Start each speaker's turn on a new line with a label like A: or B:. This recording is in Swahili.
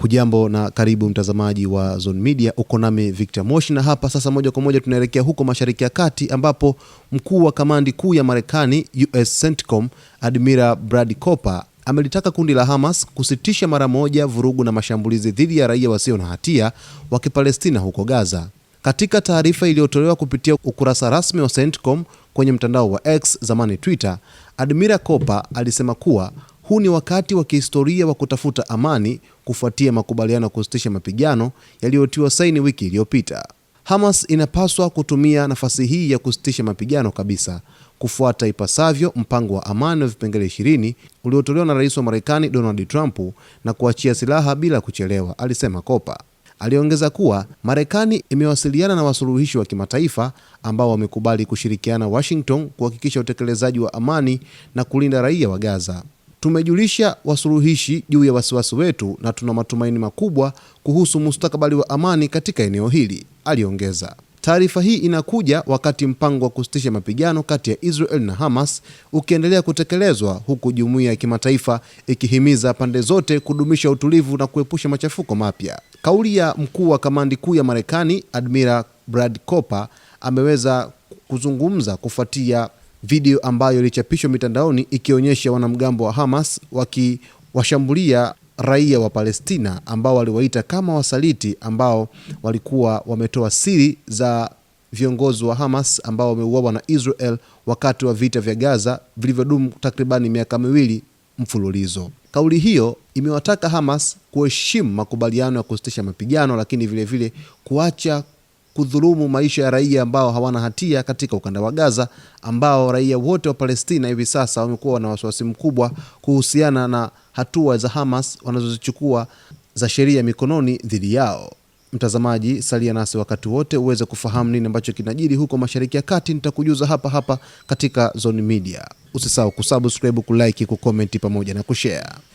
A: Hujambo na karibu mtazamaji wa Zone Media, uko nami Victor Moshi, na hapa sasa moja kwa moja tunaelekea huko Mashariki ya Kati ambapo mkuu wa kamandi kuu ya Marekani US CENTCOM admira Brad Cooper amelitaka kundi la Hamas kusitisha mara moja vurugu na mashambulizi dhidi ya raia wasio na hatia wa Kipalestina huko Gaza. Katika taarifa iliyotolewa kupitia ukurasa rasmi wa CENTCOM kwenye mtandao wa X, zamani Twitter, admira Cooper alisema kuwa huu ni wakati wa kihistoria wa kutafuta amani kufuatia makubaliano ya kusitisha mapigano yaliyotiwa saini wiki iliyopita. Hamas inapaswa kutumia nafasi hii ya kusitisha mapigano kabisa, kufuata ipasavyo mpango wa amani wa vipengele 20 uliotolewa na rais wa Marekani Donald Trump na kuachia silaha bila kuchelewa, alisema Kopa. Aliongeza kuwa Marekani imewasiliana na wasuluhishi wa kimataifa ambao wamekubali kushirikiana Washington kuhakikisha utekelezaji wa amani na kulinda raia wa Gaza. Tumejulisha wasuluhishi juu ya wasiwasi wetu na tuna matumaini makubwa kuhusu mustakabali wa amani katika eneo hili, aliongeza. Taarifa hii inakuja wakati mpango wa kusitisha mapigano kati ya Israel na Hamas ukiendelea kutekelezwa huku jumuiya ya kimataifa ikihimiza pande zote kudumisha utulivu na kuepusha machafuko mapya. Kauli ya mkuu wa kamandi kuu ya Marekani, Admiral Brad Cooper, ameweza kuzungumza kufuatia video ambayo ilichapishwa mitandaoni ikionyesha wanamgambo wa Hamas wakiwashambulia raia wa Palestina ambao waliwaita kama wasaliti ambao walikuwa wametoa siri za viongozi wa Hamas ambao wameuawa na Israel wakati wa vita vya Gaza vilivyodumu takribani miaka miwili mfululizo. Kauli hiyo imewataka Hamas kuheshimu makubaliano ya kusitisha mapigano, lakini vilevile vile kuacha kudhulumu maisha ya raia ambao hawana hatia katika ukanda wa Gaza, ambao raia wote wa Palestina hivi sasa wamekuwa na wasiwasi mkubwa kuhusiana na hatua za Hamas wanazozichukua za sheria mikononi dhidi yao. Mtazamaji, salia nasi wakati wote uweze kufahamu nini ambacho kinajiri huko Mashariki ya Kati. Nitakujuza hapa hapa katika Zone Media. Usisahau kusubscribe, kulike, kukomenti pamoja na kushare.